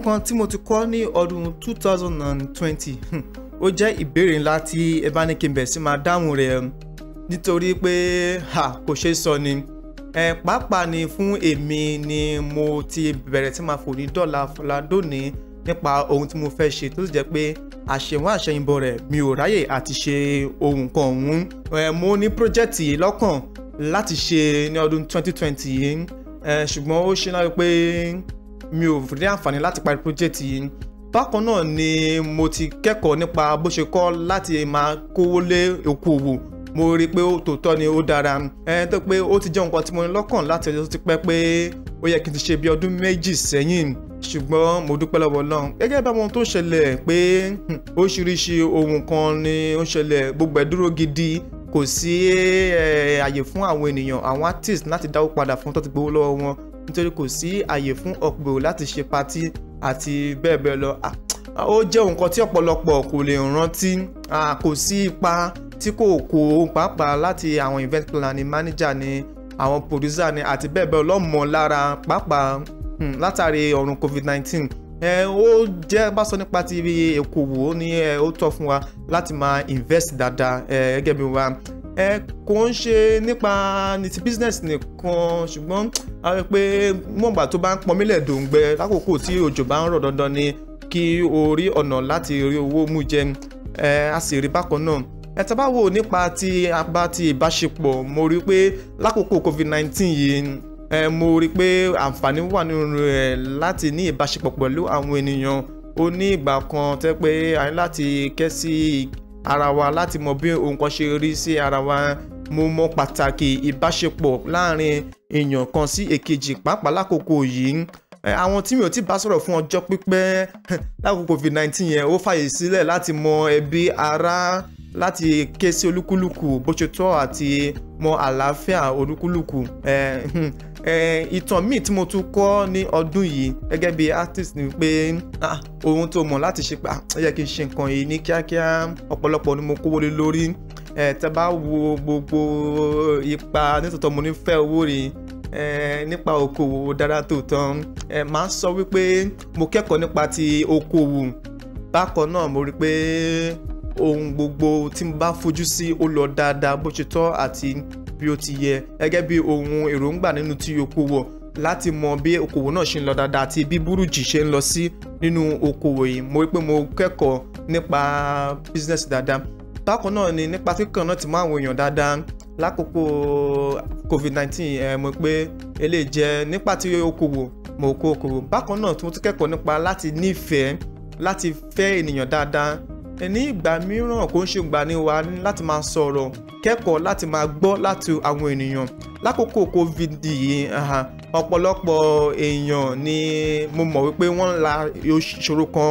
nǹkan tí mo ti kọ́ ní ọdún 2020 hmm. ó jẹ́ ìbéèrè ńlá tí ẹ bá ní kí n bẹ̀rẹ̀ sí máa dáhùn rẹ̀ um, nítorí pé ha kò ṣeé sọ ni ẹ pàápàá ni fún èmi ni mo ti bẹ̀rẹ̀ sí máa fòrí dọ́là fọládóní nípa ohun tí mo fẹ́ ṣe tó sì jẹ́ pé àṣewọ́n àṣẹyìnbọ̀ rẹ̀ mi ò ráyè àti ṣe ohun kan ọ̀hún mo ní pírójẹ́tì lọ́kàn láti ṣe ní ọdún 2020 yìí ṣùgbọ́n ó ṣe náà pé mi ò rí àǹfààní láti parí project yìí bákan náà ni mo ti kẹ́kọ̀ọ́ nípa bó ṣe kọ́ láti máa kówó lé okòwò mo rí i pé ó tòótọ́ ni ó dára ẹni tó pé ó ti jẹ́ nǹkan tí mo ní lọ́kàn láti ọjọ́ tó ti pẹ́ pé ó yẹ kí n ti ṣe bí ọdún méjì sẹ́yìn ṣùgbọ́n mo dúpẹ́ lọ́wọ́ Ọlọ́run gẹ́gẹ́ bá wọn tó ṣẹlẹ̀ pé hmm, oríṣiríṣi ohun kan ni ó ṣẹlẹ̀ gbogbo ẹ̀ dúró gidi kò sí àyè fún àwọn ènìyàn àwọn artist láti dáwó padà fún tó ti gbowó lọ́wọ́ wọn nítorí kò sí àyè fún ọ̀pọ̀ láti ṣe patí àti bẹ́ẹ̀ bẹ́ẹ̀ lọ ó jẹ́ nǹkan tí ọ̀pọ̀lọpọ̀ kò lè rántí kò sí ipa tí kò kó pàápàá láti àwọn event planner manager ni àwọn producer ni àti bẹ́ẹ̀ bẹ́ẹ̀ lọ́mọ lára pàápàá hmm, látàrí ọ̀run covid-19 ẹ ó jẹ́ bá sọ nípa ti okòwò ó ní ó tọ́ fún wa láti máa invest dáadáa ẹ gẹ́gẹ́ bí wa ẹ kò ń ṣe nípa ní ti business nìkan ṣùgbọ́n a rí i pé mọ̀gbà tó bá ń pọn mílẹ̀ dòǹgbẹ lákòókò tí òjò bá ń rọ̀ dandan ni kí o rí ọ̀nà láti rí owó mú jẹ ẹ a sì rí bákan náà ẹ bá wò nípa ti apá ti ìbáṣepọ̀ mo rí pé lákòókò covid nineteen yìí ẹ mo rí i pé àǹfààní wà nínú ẹ láti ní ìbáṣepọ̀ pẹ̀lú àwọn ènìyàn ó ní ìgbà kan tẹ́ pé a ní láti kẹ́ sí ara wa láti mọ bí nǹkan ṣe rí sí ara wa mo mọ pàtàkì ìbáṣepọ̀ láàrin èèyàn kan sí èkejì pàápàá lákòókò yìí àwọn tí mi ò ti bá sọ̀rọ̀ fún ọjọ́ pípẹ́ lákòókò covid nineteen yẹn ó fàyè sílẹ̀ láti mọ ẹbí ará láti ké sí olúkúlùkù bó ṣe tọ́ àti mọ àlàáfíà olúkúlùkù ìtàn míì tí mo tún kọ́ ní ọdún yìí gẹ́gẹ́ bí artist ni pé ah, ohun tó mọ̀ láti ṣe pa ah, ó yẹ kí n ṣe nǹkan yìí ní kíákíá ọ̀pọ̀lọpọ̀ ni mo kówó lé lórí tẹ́ bá wo gbogbo ipa nítòótọ́ mo nífẹ̀ẹ́ owó rèé nípa okòwò dára tó tán máa sọ wípé mo kẹ́kọ̀ọ́ nípa ti okòwò bákan náà mo rí i pé ohun gbogbo tí mo bá fojú sí ó lọ dáadáa bó ṣe tọ́ àti bí ó ti yẹ gẹ́gẹ́ bí ohun èròǹgbà nínú tí okòwò láti mọ bí okòwò náà ṣe ń lọ dáadáa àti bí burújì ṣe ń lọ sí nínú okòwò yìí mo rí pé mo kẹ́kọ̀ọ́ nípa business dáadáa bákan náà ni nípa kíkàn náà ti mọ àwọn èèyàn dáadáa lákòókò covid-19 ẹ mo pé eléyìí jẹ́ nípa ti okòwò mo kó okòwò bákan náà tí mo ti kẹ́kọ̀ọ́ nípa láti nífẹ̀ẹ́ láti fẹ́ ènìyàn dáadáa ní ìgbà mìíràn kò ń ṣe ìgbà ni wà láti máa sọ̀rọ̀ kẹ́kọ̀ọ́ láti máa gbọ́ láti àwọn ènìyàn lákòókò covid yìí ọ̀pọ̀lọpọ̀ èèyàn ni mo mọ̀ wípé wọ́n ń la ìṣòro kan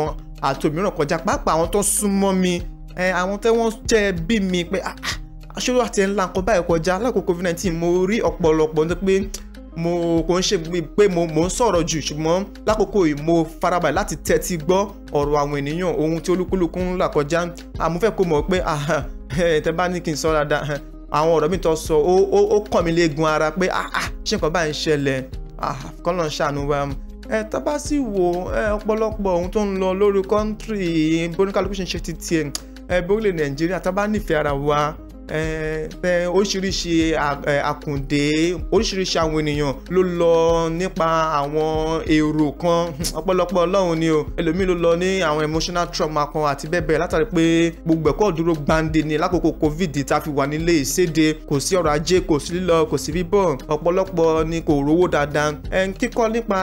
àti òmíràn kọjá pàápàá àwọn tó súnmọ́ mi àwọn tí wọ́n jẹ́ bí mi pé aṣọ́rọ̀ ah, ah, àti ẹ̀ ńlá nǹkan báyìí kọjá lákòókò covid nineteen mo rí ọ̀pọ̀lọpọ̀ ní mo kò ń ṣe pé mo mo ń sọ̀rọ̀ jù ṣùgbọ́n lákòókò yìí mo farabalẹ̀ láti tẹ́tí gbọ́ ọ̀rọ̀ àwọn ènìyàn ohun tí olúkúlùkù ń là kọjá àmúfẹ́ kó mọ̀ pé tẹ bá ní kí n sọ dáadáa àwọn ọ̀rọ̀ mi tó sọ ó kàn mí léegun ara pé ṣé nǹkan báyìí ń ṣẹlẹ̀ kọ́ lọ́n ṣàánú wa ẹ tá bá sì wo ọ̀pọ̀lọpọ̀ ohun tó ń lọ lórí kọ́ńtírì bóníkàlùkù ṣe ń ṣe ti tiẹ̀ ẹ bí orílẹ̀ Nàìjíríà tá bá nífẹ̀ẹ́ ara wa Eh, oríṣiríṣi eh, àkùndé oríṣiríṣi àwọn ènìyàn ló lọ nípa àwọn èrò kan ọ̀pọ̀lọpọ̀ ọlọ́run ni o ẹlòmíì ló lọ ní àwọn emotional trauma kan àti bẹ́ẹ̀ bẹ́ẹ̀ látàrí pé gbogbo ẹ̀kọ́ dúró gbande ni lákòókò covid tá a fi wà nílé ìséde kò sí ọrọ̀ ajé kò sí lílọ kò sí bíbọ̀ ọ̀pọ̀lọpọ̀ ni kò rówó dáadáa kíkọ́ nípa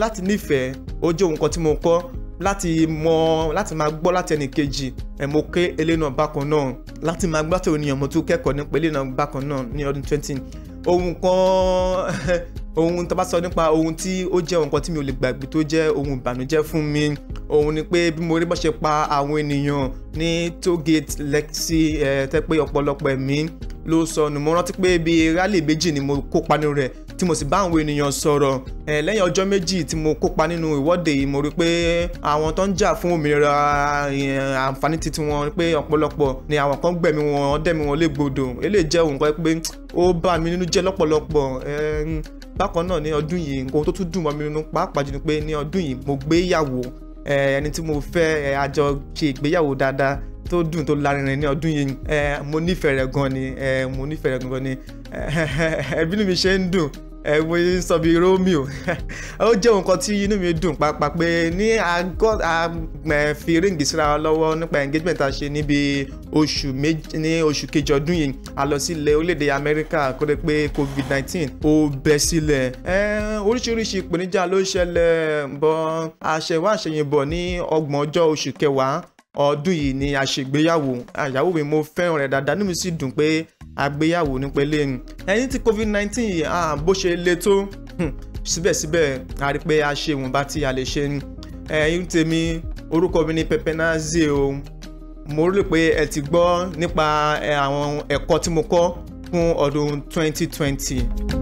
láti nífẹ̀ẹ́ ó jẹ́ òun kan tí mo kọ́ láti mọ láti máa gbọ́ láti ẹnì kejì mo ké eléyìí náà bákan náà láti máa gbọ́ láti ènìyàn mo tún kẹ́kọ̀ọ́ nípa eléyìí náà bákan náà ní ọdún twenty ohun kan ohun tó bá sọ nípa ohun tí ó jẹ́ ohun kan tí mi ò lè gbàgbé tó jẹ́ ohun ìbànújẹ́ fún mi ohun ni pé bí mo rí bó ṣe pa àwọn ènìyàn ní tollgate lexi ẹ tẹ́ pé ọ̀pọ̀lọpọ̀ ẹ̀mí ló sọnù mo rántí pé bíi rálì méjì ni mo kópa nínú rẹ̀ tí mo sì bá àwọn ènìyàn sọ̀rọ̀ lẹ́yìn ọjọ́ méjì tí mo kópa nínú ìwọ́de yìí mo rí pé àwọn tó ń jà fún òmìnira àǹfààní titi wọn pé ọ̀pọ̀lọpọ̀ ni àwọn kan gbẹ̀mí wọn dẹ̀mí wọn légbodò eléyìí jẹ́ òun pé ó bà mí nínú jẹ́ lọ́pọ̀lọpọ̀ bákan náà ní ọdún yìí nǹkan tó tún dùn mọ́ mi nínú pàápàá jù ni pé ní ọdún yìí mo gbé ẹni tí mo fẹ́ àjọ ṣe ìgbéyàwó dáadáa tó dùn tó lárinrin ní ọdún yìí mo nífẹ̀ẹ́ rẹ̀ gan ni mo nífẹ̀ẹ́ rẹ̀ gan ni ẹbí mi ṣe ń dùn ẹ mo ṣe ń sọ bíi Romeo ó jẹ́ nǹkan tí inú mi dùn pàápàá pé ní àgọ́ fi ríǹgì síra wa lọ́wọ́ nípa engagement a ṣe níbi oṣù méjì ní oṣù kejì ọdún yìí a lọ sílẹ̀ orílẹ̀-èdè Amẹ́ríkà kó dé pé COVID-19 ó bẹ́ sílẹ̀ oríṣiríṣi ìpèníjà ló ṣẹlẹ̀ bọ́ àṣẹwọ́ àṣẹyìnbọ̀ ní ọgbọ̀n ọjọ́ oṣù kẹwàá ọdún yìí ni a ṣègbéyàwó àyàwó ah, mi mo fẹ́ràn rẹ̀ dáadáa nínú mi sì dùn pé àgbéyàwó ní pẹ̀lẹ́ ni ẹni tí covid nineteen. yìí ah, bó ṣe le tó hmm, síbẹ̀síbẹ̀ a rí pé a ṣe ìwọ̀nba tí a lè ṣe ni ẹ̀yin tèmi orúkọ mi ni Pepenazie o mo rò pé ẹ ti gbọ́ nípa eh, àwọn ẹ̀kọ́ tí mo kọ́ fún ọdún 2020.